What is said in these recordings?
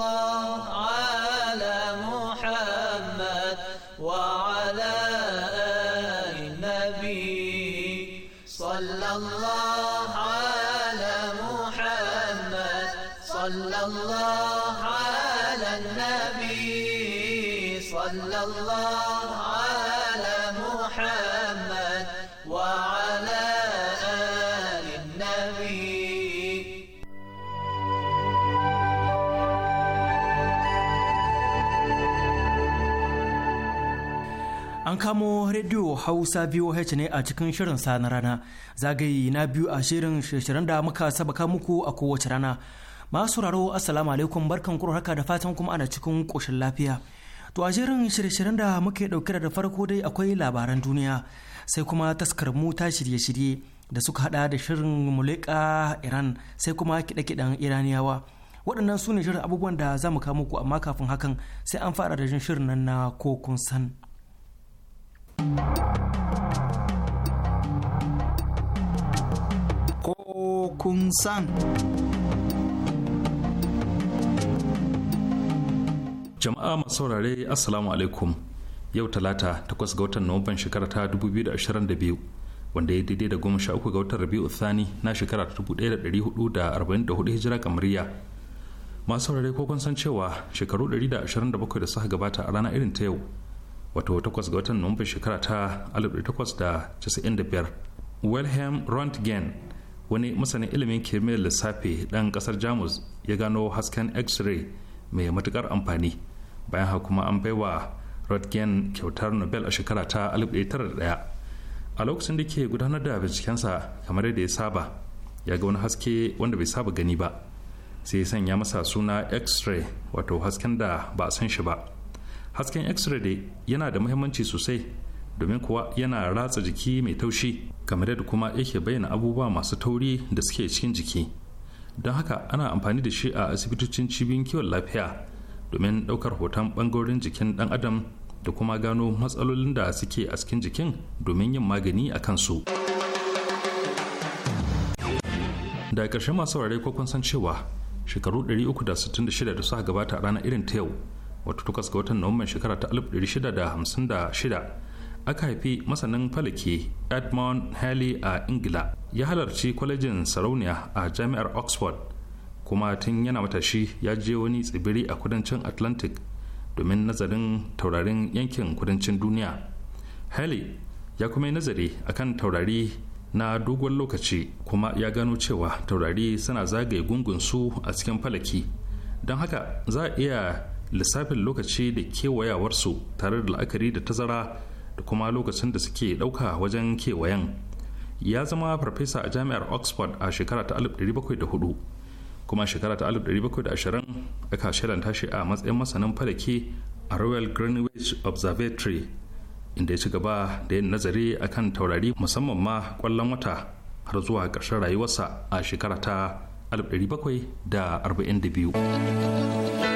Allah. An kamo rediyo Hausa biyu VOH ne a cikin shirin sa na rana zagaye na biyu a shirin shirin da muka sabaka muku a kowace rana. Masu raro Assalamu alaikum barkan kuro haka da fatan kuma ana cikin ƙoshin lafiya. To a shirin shirye da muke ɗauke da farko dai akwai labaran duniya sai kuma taskar mu ta shirye-shirye da suka hada da shirin muleka Iran sai kuma kiɗe-kiɗen Iraniyawa. Waɗannan su ne shirin abubuwan da za mu kamo ku amma kafin hakan sai an fara da jin shirin nan na kokun san. Ko kun san. Jama'a masu saurare Assalamu alaikum yau talata takwas ga watan Nuwamban shekara ta 2022 wanda ya daidai da goma sha uku ga watan Rabi'u Thani na shekara ta 1444 hijira kamariya. Masu saurare ko kun san cewa shekaru 127 da suka gabata a rana irin ta yau wato 8 ga watan nomba shekara ta 1895 wilhelm röntgen wani masanin ilimin kimiyyar lissafi ɗan ƙasar jamus ya gano hasken x-ray mai matuƙar amfani bayan haka kuma an baiwa röntgen kyautar nobel a shekara ta 1901 a lokacin da ke gudanar da bincikensa kamar yadda ya saba ya ga wani haske wanda bai saba gani ba sai ya sanya masa suna x-ray wato hasken da ba a san shi ba hasken x-ray yana da muhimmanci sosai domin kuwa yana ratsa jiki mai taushi kamar yadda kuma yake bayyana abubuwa masu tauri da suke cikin jiki don haka ana amfani da shi a asibitocin cibiyoyin kiwon lafiya domin ɗaukar hoton ɓangarorin jikin ɗan adam da kuma gano matsalolin da suke a cikin jikin domin yin magani a kansu da ƙarshen masu saurare ko kun san cewa shekaru 366 da suka gabata a ranar irin ta yau wato takwas ga watan nuwamban shekara ta 1656 aka haifi masanin falaki edmund halley a ingila ya halarci kwalejin sarauniya a jami'ar oxford kuma tun yana matashi ya je wani tsibiri a kudancin atlantic domin nazarin taurarin yankin kudancin duniya halley ya kuma yi nazari akan taurari na dogon lokaci kuma ya gano cewa taurari suna zagaye gungun su a cikin falaki don haka za a iya lissafin lokaci da kewayawarsu tare da la'akari da tazara da kuma lokacin da suke ɗauka wajen kewayen ya zama farfesa a jami'ar oxford a shekara ta 1704 kuma shekara ta 1720 aka shiranta shi a matsayin masanin falake a royal greenwich observatory inda ya ci gaba da yin nazari a kan taurari musamman ma kwallon wata har zuwa ƙarshen rayuwarsa a shekara ta 1742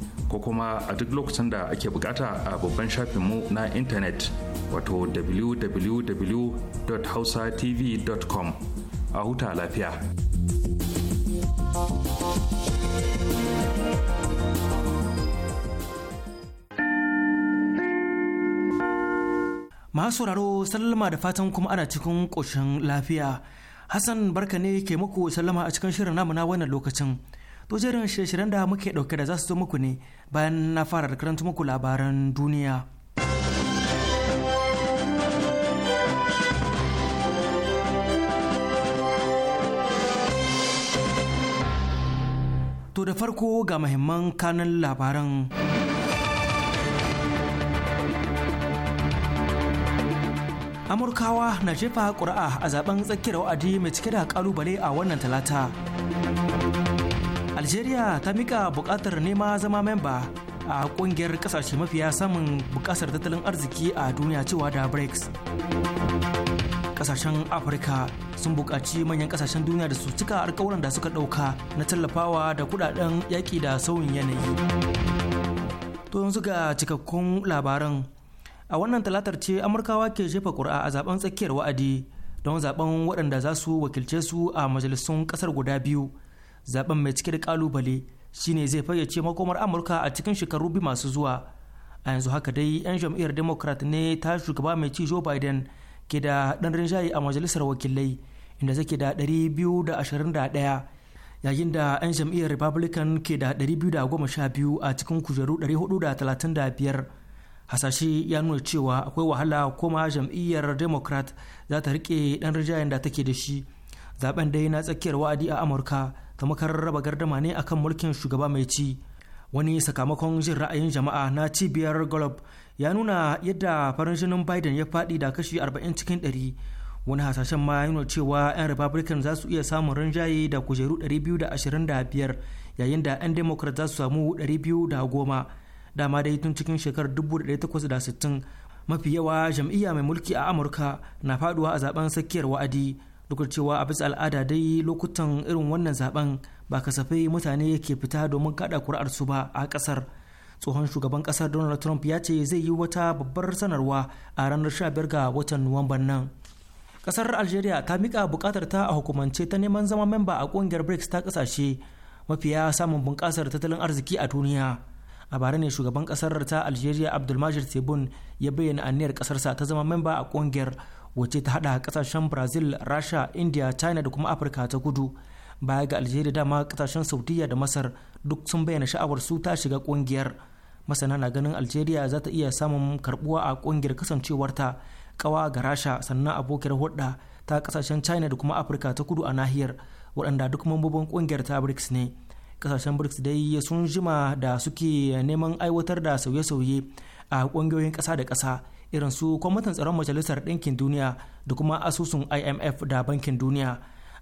ko kuma a duk lokacin da ake bukata a babban shafinmu na intanet wato www.hausatv.com a huta lafiya. Masu sauraro sallama da fatan kuma ana cikin ƙoshin lafiya. Hassan barka ne ke muku sallama a cikin shirin namu na wannan lokacin. to jerin shirye da muke dauke da za su zo muku ne bayan na fara da karanta muku labaran duniya to da farko ga mahimman kanan labaran amurkawa na jefa ƙura'a a zaben tsakiyar wa'adi mai cike da ƙalubale a wannan talata algeria ta mika buƙatar nema zama memba a ƙungiyar ƙasashe mafiya samun buƙasar tattalin arziki a duniya cewa da brics ƙasashen afirka sun buƙaci manyan ƙasashen duniya da su cika alkawuran da suka ɗauka na tallafawa da kuɗaɗen yaƙi da sauyin yanayi to yanzu ga cikakkun labaran a wannan talatar ce amurkawa ke jefa ƙuri'a a zaben tsakiyar wa'adi don zaben waɗanda za su wakilce su a majalisun ƙasar guda biyu zaben mai cike da kalubale shine zai fayyace makomar amurka a cikin shekaru biyu masu zuwa a yanzu haka dai 'yan jam'iyyar democrat ne ta shugaba mai ci joe biden ke da ɗan rinjaye a majalisar wakilai inda zake da 221 yayin da 'yan jam'iyyar republican ke da 212 a cikin kujeru 435 hasashe ya nuna cewa akwai wahala kuma jam'iyyar democrat za ta rike ɗan rinjayen da take da shi zaben dai na tsakiyar wa'adi a amurka makarar raba gardama ne akan mulkin shugaba mai ci wani sakamakon jin ra'ayin jama'a na cibiyar golub ya nuna yadda farin jinin biden ya fadi da kashi 40 cikin 100 wani hasashen ma ya nuna cewa 'yan republican za su iya samun rinjaye da kujeru 225 yayin da 'yan democrat za su samu 210 dama dai tun cikin shekarar 1860 mafi yawa jam'iyya mai mulki a amurka na faduwa a zaben tsakiyar wa'adi duk cewa a bisa al'ada dai lokutan irin wannan zaben ba kasafai mutane ke fita domin kada kuri'arsu ba a kasar tsohon shugaban kasar donald trump ya ce zai yi wata babbar sanarwa a ranar 15 ga watan nuwamban nan kasar algeria ta mika bukatar ta a hukumance ta neman zama memba a kungiyar brics ta kasashe mafiya samun bunƙasar tattalin arziki a duniya a bara ne shugaban kasar ta algeria abdulmajid tebun ya bayyana aniyar kasarsa ta zama memba a kungiyar wacce ta hada kasashen brazil rasha india china da kuma afirka ta kudu baya ga algeria dama kasashen saudiya da masar duk sun bayyana sha'awar su ta shiga kungiyar masana na ganin algeria za ta iya samun karbuwa a kungiyar kasancewarta kawa ga rasha sannan abokiyar hulɗa ta kasashen china da kuma afirka ta kudu a nahiyar waɗanda duk mambobin kungiyar ta brics ne kasashen brics dai sun jima da suke neman aiwatar da sauye-sauye a kungiyoyin ƙasa da kasa irin su kwamitin tsaron majalisar ɗinkin duniya da kuma asusun imf da bankin duniya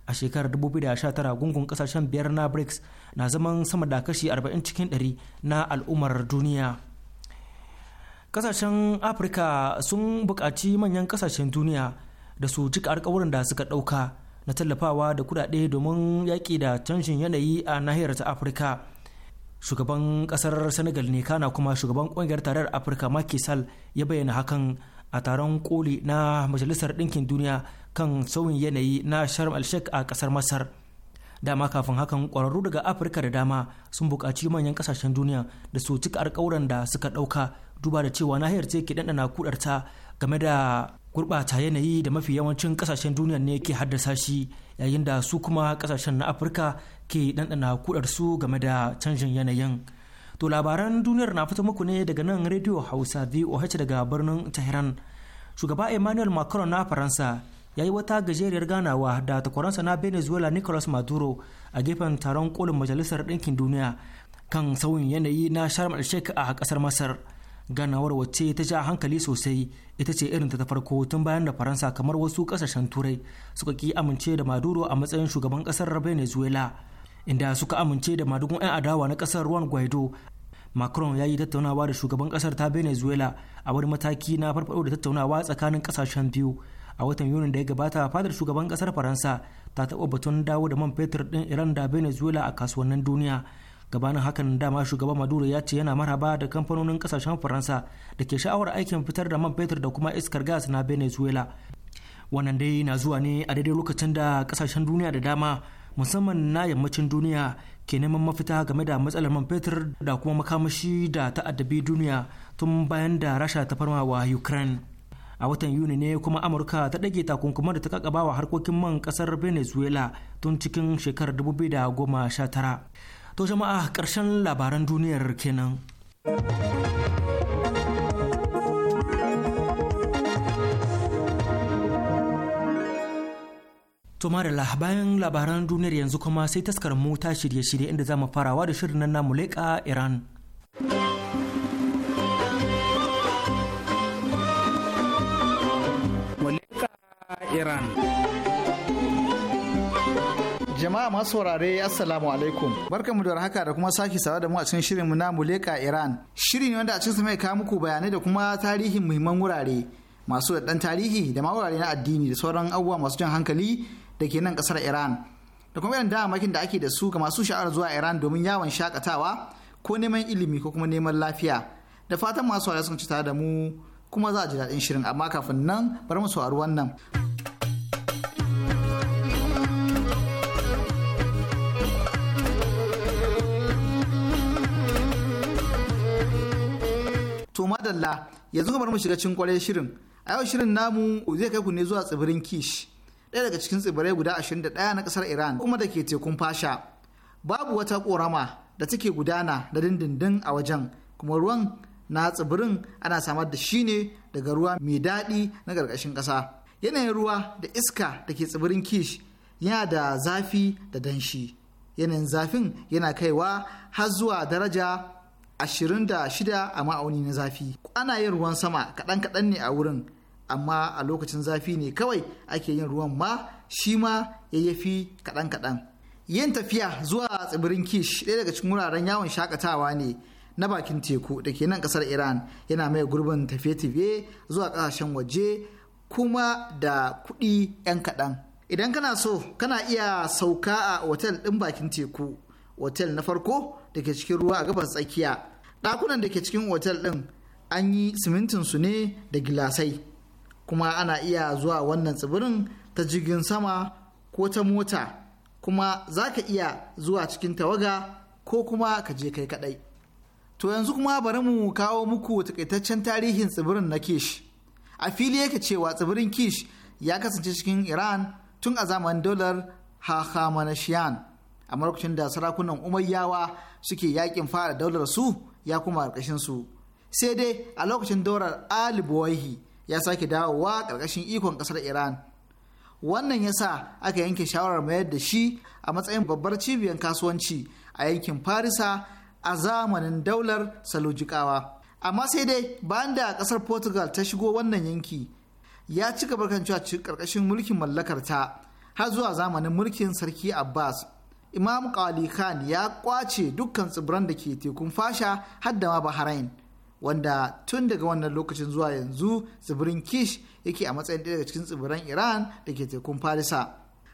a shekarar 2019 gungun kasashen biyar na brics na zaman sama da kashi 40 cikin 100 na al'ummar duniya kasashen afirka sun buƙaci manyan ƙasashen duniya da su cika alkawuran da suka ɗauka na tallafawa da kudade domin yaƙi da canjin yanayi a nahiyar ta afirka shugaban kasar senegal ne kana kuma shugaban kungiyar tarayyar afirka Macky Sall ya bayyana hakan a taron koli na majalisar ɗinkin duniya kan sauyin yanayi na sharm alshak sheikh a kasar masar dama kafin hakan kwararru daga afirka da dama sun buƙaci manyan ƙasashen duniya da su cika alƙawuran da suka ɗauka duba da cewa nahiyar ce ke ɗanɗana kudarta game da gurɓata yanayi da mafi yawancin kasashen duniya ne ke haddasa shi yayin da su kuma kasashen na afirka ke ɗanɗana kudar su game da canjin yanayin to labaran duniyar na fito muku ne daga nan rediyo hausa voh daga birnin tehran shugaba emmanuel macron na faransa ya yi wata gajeriyar ganawa da takwaransa na venezuela nicolas maduro a gefen taron kolin majalisar ɗinkin duniya kan sauyin yanayi na sharm el-sheikh a ƙasar masar ganawar wacce ta ja hankali sosai ita ce irin ta farko tun bayan da faransa kamar wasu kasashen turai suka ki amince da maduro a matsayin shugaban kasar venezuela inda suka amince da madugun 'yan adawa na kasar ruwan guaido macron ya yi tattaunawa da shugaban kasar ta venezuela a wani mataki na farfado da tattaunawa tsakanin kasashen biyu a watan yuni da ya gabata fadar shugaban kasar faransa ta taɓa batun dawo da man fetur din iran da venezuela a kasuwannin duniya gabanin hakan dama shugaban maduro ya ce yana maraba da kamfanonin kasashen faransa da ke sha'awar aikin fitar da man fetur da kuma iskar gas na venezuela wannan dai na zuwa ne a daidai lokacin da kasashen duniya da dama musamman na yammacin duniya ke neman mafita game da matsalar man fetur da kuma makamashi da ta'addabi duniya tun bayan da rasha ta farma wa ukraine a watan yuni ne kuma amurka ta ɗage takunkuman da ta kakaba wa harkokin man ƙasar venezuela tun cikin shekarar 2019 To jama'a ƙarshen labaran duniyar kenan. To Marila bayan labaran duniyar yanzu kuma sai taskar mu ta shirye-shirye inda za mu farawa da shirin nan namu leƙa Iran. Iran. Jama'a masu saurare Assalamu alaikum. mu da warhaka da kuma sake sawa da mu a cikin shirin mu na Muleka Iran. Shirin wanda a cikin mai kawo muku bayanai da kuma tarihin muhimman wurare masu da dan tarihi da ma wurare na addini da sauran abubuwa masu jan hankali da ke nan kasar Iran. Da kuma irin damakin da ake da su ga masu sha'awar zuwa Iran domin yawon shakatawa ko neman ilimi ko kuma neman lafiya. Da fatan masu saurare sun ci tare da mu kuma za a ji daɗin shirin amma kafin nan bari mu saurari wannan. madalla yanzu kamar mu shiga cikin kwarai shirin a yau shirin namu zai kai ku ne zuwa tsibirin kish ɗaya daga cikin tsibirai guda 21 na ƙasar iran kuma da ke tekun fasha babu wata ƙorama da take gudana da dindindin a wajen kuma ruwan na tsibirin ana samar da shi ne daga ruwa mai daɗi na ƙarƙashin ƙasa yanayin ruwa da iska da ke tsibirin kish yana da zafi da danshi yanayin zafin yana kaiwa har zuwa daraja 26 a ma'auni na zafi ana yin ruwan sama kaɗan-kaɗan ne a wurin amma a lokacin zafi ne kawai ake yin ruwan ma shi ma yayyafi kaɗan-kaɗan yin tafiya zuwa tsibirin kish ɗaya daga cikin wuraren yawon shakatawa ne na bakin teku da ke nan ƙasar iran yana mai gurbin tafiye-tafiye zuwa ƙasashen waje kuma da kuɗi 'yan kaɗan idan kana so kana iya sauka a otel ɗin bakin teku otel na farko da cikin ruwa a gabas tsakiya ɗakunan da ke cikin otal ɗin an yi simintin su ne da gilasai kuma ana iya zuwa wannan tsibirin ta jirgin sama ko ta mota kuma za ka iya zuwa cikin tawaga ko kuma ka je kai kaɗai to yanzu kuma bari mu kawo muku takaitaccen tarihin tsibirin na kish a fili yake cewa tsibirin kish ya kasance cikin iran tun a zamanin dolar hakamanashiyan a lokacin da sarakunan umayyawa suke yakin fara daular su ya kuma ƙarƙashin su sai dai a lokacin daular ali buwaihi ya sake dawowa ƙarƙashin ikon ƙasar iran wannan yasa aka yanke shawarar mayar da shi a matsayin babbar cibiyar kasuwanci a yankin farisa a zamanin daular salujikawa amma sai dai bayan da ƙasar portugal ta shigo wannan yanki ya ci gaba kan cewa ƙarƙashin mulkin mallakarta har zuwa zamanin mulkin sarki abbas imam Ali khan ya kwace dukkan tsibiran da ke tekun fasha har ma bahrain wanda tun daga wannan lokacin zuwa yanzu tsibirin kish yake a matsayin ɗaya daga cikin tsibiran iran da ke tekun Falisa.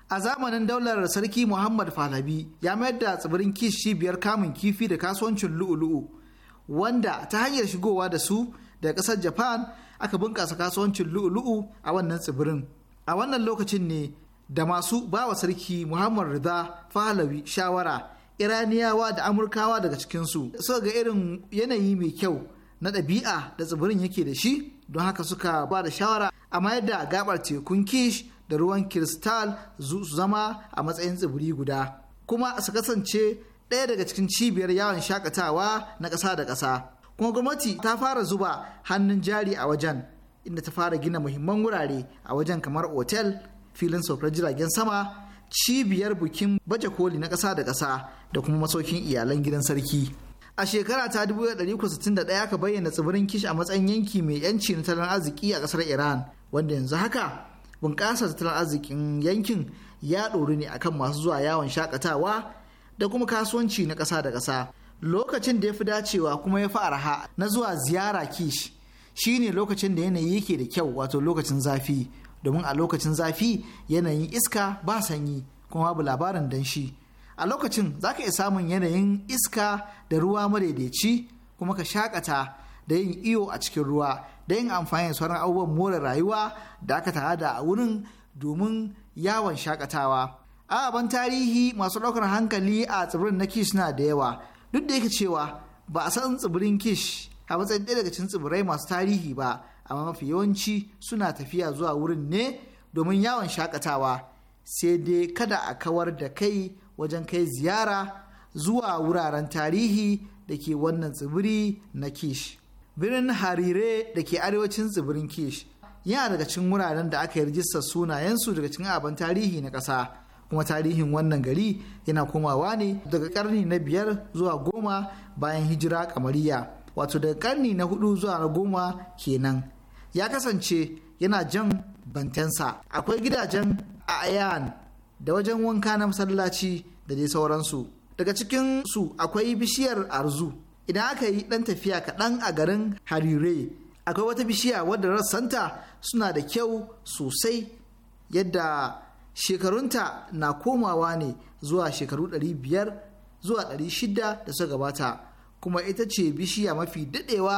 a zamanin daular sarki muhammad falabi ya mayar da tsibirin kish cibiyar kamun kifi da kasuwancin lu'ulu'u wanda ta hanyar shigowa da su daga ƙasar japan aka bunƙasa kasuwancin lu'ulu'u a wannan tsibirin a wannan lokacin ne da masu bawa sarki muhammad rida fahalawi shawara iraniyawa da amurkawa daga cikinsu suka ga irin yanayi mai kyau na ɗabi'a da tsibirin yake da shi don haka suka ba da shawara a mayar da gabar tekun kish da ruwan kiristal su zama a matsayin tsibiri guda kuma su kasance ɗaya daga cikin cibiyar yawon shakatawa na ƙasa da ƙasa kuma gwamnati ta fara zuba hannun jari a wajen inda ta fara gina muhimman wurare a wajen kamar otel filin saukar jiragen sama cibiyar bukin baje koli na ƙasa da ƙasa da kuma masaukin iyalan gidan sarki a shekara ta 1961 aka bayyana tsibirin kish a matsayin yanki mai yanci na tattalin arziki a ƙasar iran wanda yanzu haka bunƙasar tattalin arzikin yankin ya ɗori ne akan masu zuwa yawon shakatawa da kuma kasuwanci na ƙasa da ƙasa lokacin da ya fi dacewa kuma ya fi arha na zuwa ziyara kish shine lokacin da yanayi yake da kyau wato lokacin zafi domin a lokacin zafi yanayin iska ba sanyi kuma babu labarin danshi a lokacin za ka iya samun yanayin iska da ruwa madaidaici kuma ka shakata da yin iyo a cikin ruwa da yin amfani da sauran abubuwan more rayuwa da aka da a wurin domin yawon shakatawa ban tarihi masu ɗaukar hankali a tsibirin na kish na da yawa duk da yake cewa ba a san tsibirin kish a matsayin ɗaya daga cikin tsibirai masu tarihi ba amma mafi yawanci suna tafiya zuwa wurin ne domin yawon shakatawa sai dai kada a kawar da kai wajen kai ziyara zuwa wuraren tarihi da ke wannan tsibiri na kish birnin harire da ke arewacin tsibirin kish yana daga cikin wuraren da aka yi rijistar sunayensu daga cikin abin tarihi na ƙasa kuma tarihin wannan gari yana komawa ne daga karni na biyar zuwa goma bayan hijira kamariya wato daga karni na hudu zuwa na goma kenan ya kasance yana jan bantensa akwai gidajen a ayan da wajen wanka na masallaci da dai sauransu daga cikin su akwai bishiyar arzu idan aka yi dan tafiya kaɗan a garin harire akwai wata bishiya wadda rassanta suna da kyau sosai yadda shekarunta na komawa ne zuwa shekaru 500 zuwa 600 da suka gabata kuma ita ce bishiya mafi daɗewa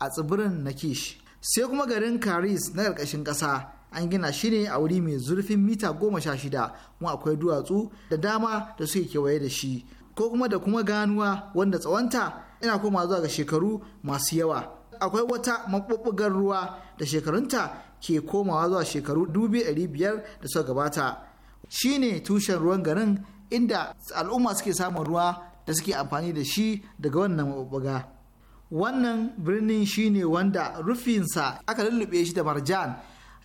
a tsibirin nakish sai kuma garin Karis na ƙarƙashin ƙasa an gina shi ne a wuri mai zurfin mita goma sha shida kuma akwai duwatsu da dama da suke kewaye da shi ko kuma da kuma ganuwa wanda tsawonta yana koma zuwa ga shekaru masu yawa akwai wata maɓuɓɓugar ruwa da shekarunta ke komawa zuwa shekaru dubi ɗari biyar da suka gabata shine tushen ruwan garin inda al'umma suke samun ruwa da suke amfani da shi daga wannan maɓuɓɓuga. wannan birnin shine wanda rufinsa aka lullube shi da marjan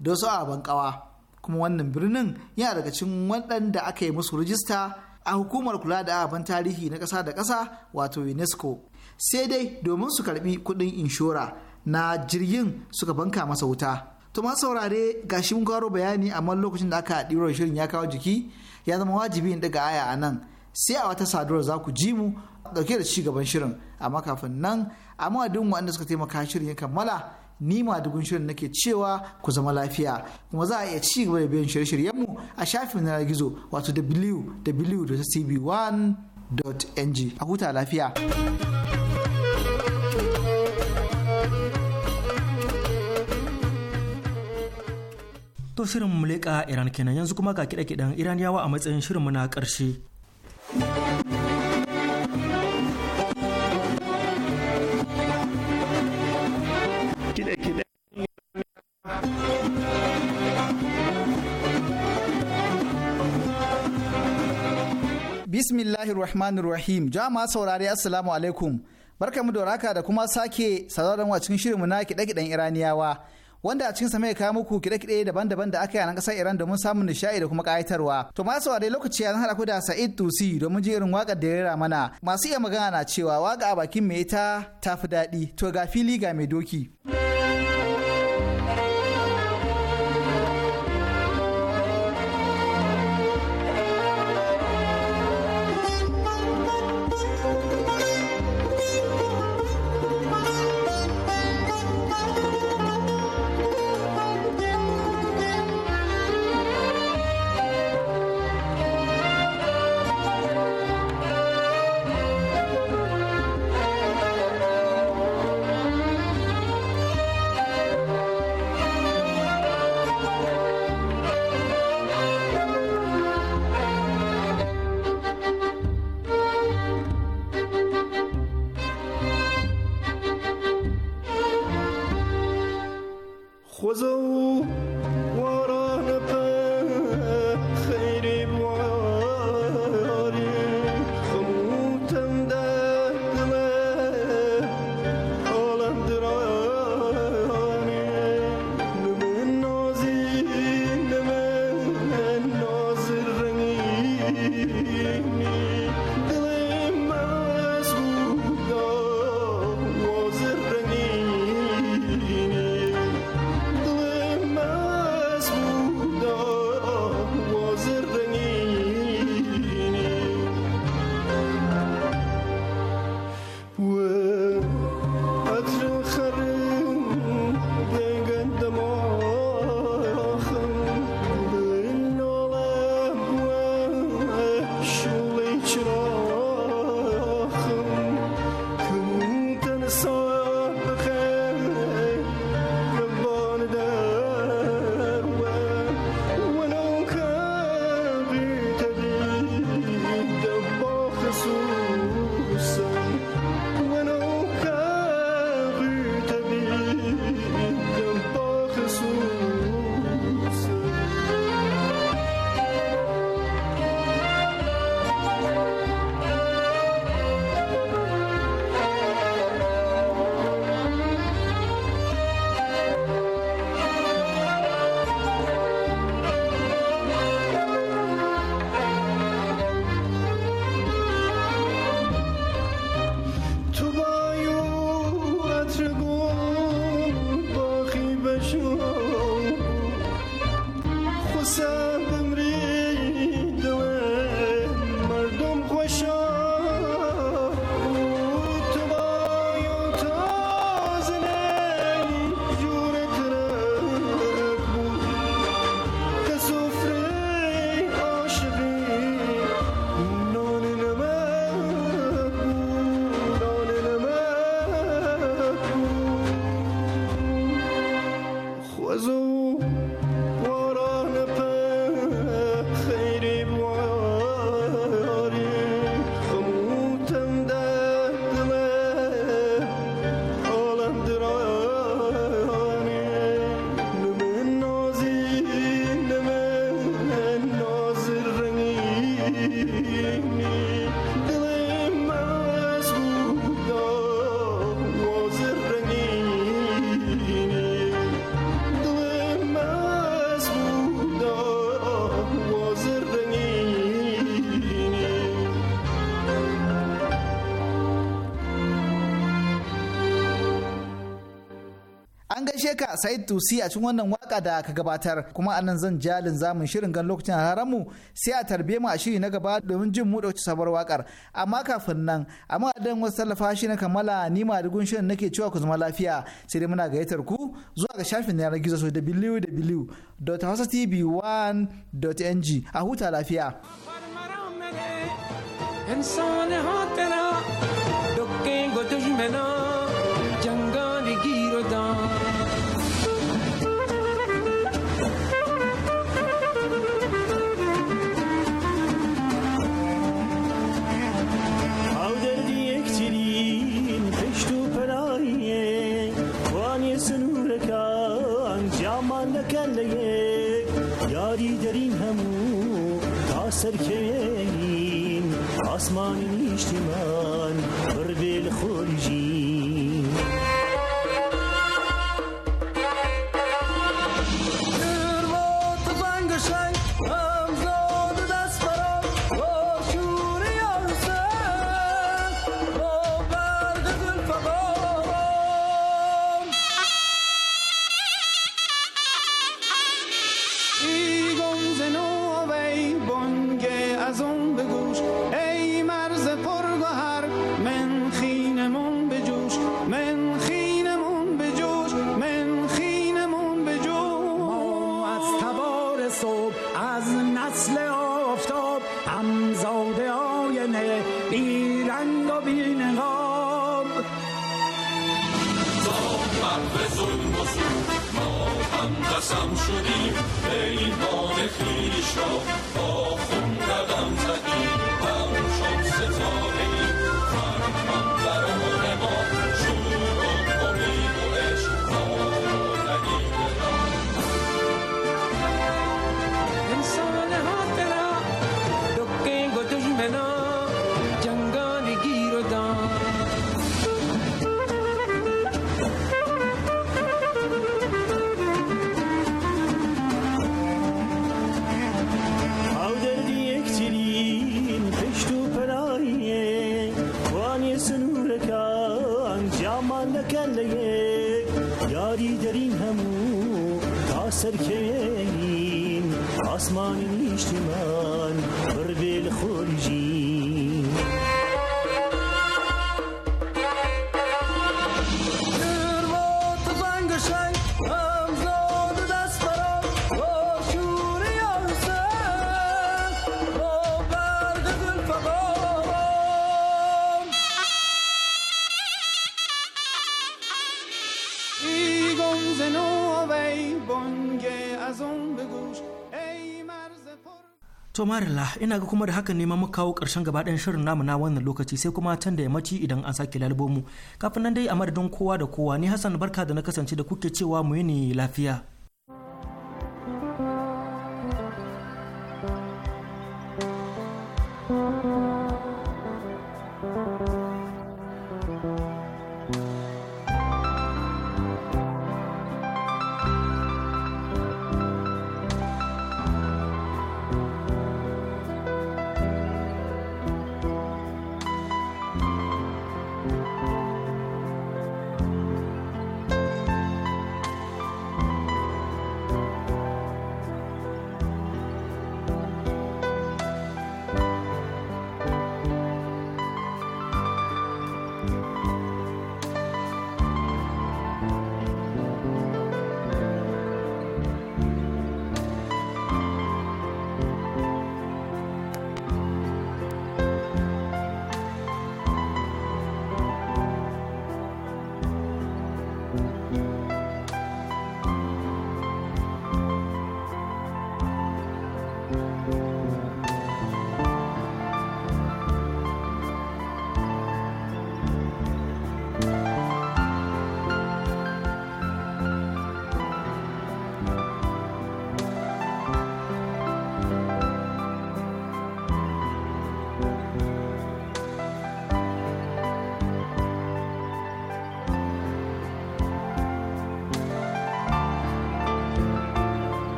da wasu ababen kawa kuma wannan birnin yana daga cikin waɗanda aka yi musu rijista a hukumar kula da ababen tarihi na ƙasa da ƙasa wato unesco sai dai domin su karbi kuɗin inshora na jirgin suka banka masa wuta to ma saurare shi mun bayani amma lokacin da aka ɗiro shirin ya kawo jiki ya zama wajibi in daga aya a nan sai a wata saduwar za ku ji mu dauke da cigaban shirin amma kafin nan a madadin waɗanda suka taimaka shirin ya kammala ni madugun shirin nake cewa ku zama lafiya kuma za a iya ci gaba da biyan shirye shiryen mu a shafin na gizo wato wwwcb 1ng a huta lafiya. To shirin muleka Iran kenan yanzu kuma ga kiɗa-kiɗan kiɗan Iraniyawa a matsayin shirin na ƙarshe. bismillahirrahmanirrahim Rahmanir Rahim. Jama'a saurare Assalamu alaikum. barka da doraka da kuma sake sauraron wa cikin shirinmu na kiɗe-kiɗen Iraniyawa. Wanda a cikin sa mai kawo muku kiɗe-kiɗe daban-daban da aka yi a nan ƙasar Iran domin samun nishaɗi da kuma ƙayatarwa. To ma saurare lokaci ya haɗa ku da Sa'id Tusi domin ji irin waƙar da ya mana. Masu iya magana na cewa waka a bakin me ta tafi daɗi. To ga fili ga mai doki. 活着。ka Said Tusi a cikin wannan waka da ka gabatar kuma anan zan jalin zamun shirin gan lokacin haramu sai a tarbe mu a shiri na gaba domin jin mu dauki sabar wakar amma kafin nan amma dan wasu tallafa shi na kammala ni ma dugun shirin nake cewa ku zama lafiya sai dai muna gayyatar ku zuwa ga shafin yanar gizo so www.hausatv1.ng a huta lafiya. انسان از نسل آفتاب همزاده آینه و و بی ما هم قسم شدیم پیمان خیش را با داری در این همو تا سرکین آسمان نیشتی من بر بیل خورجی To Marilla, ina ga kuma da hakan ne mu kawo ƙarshen gaba ɗayan shirin namu na wannan lokaci sai kuma can da yammaci idan an sake mu Kafin nan dai a madadin kowa da kowa ni Hassan barka da na kasance da kuke cewa mu yi ne lafiya.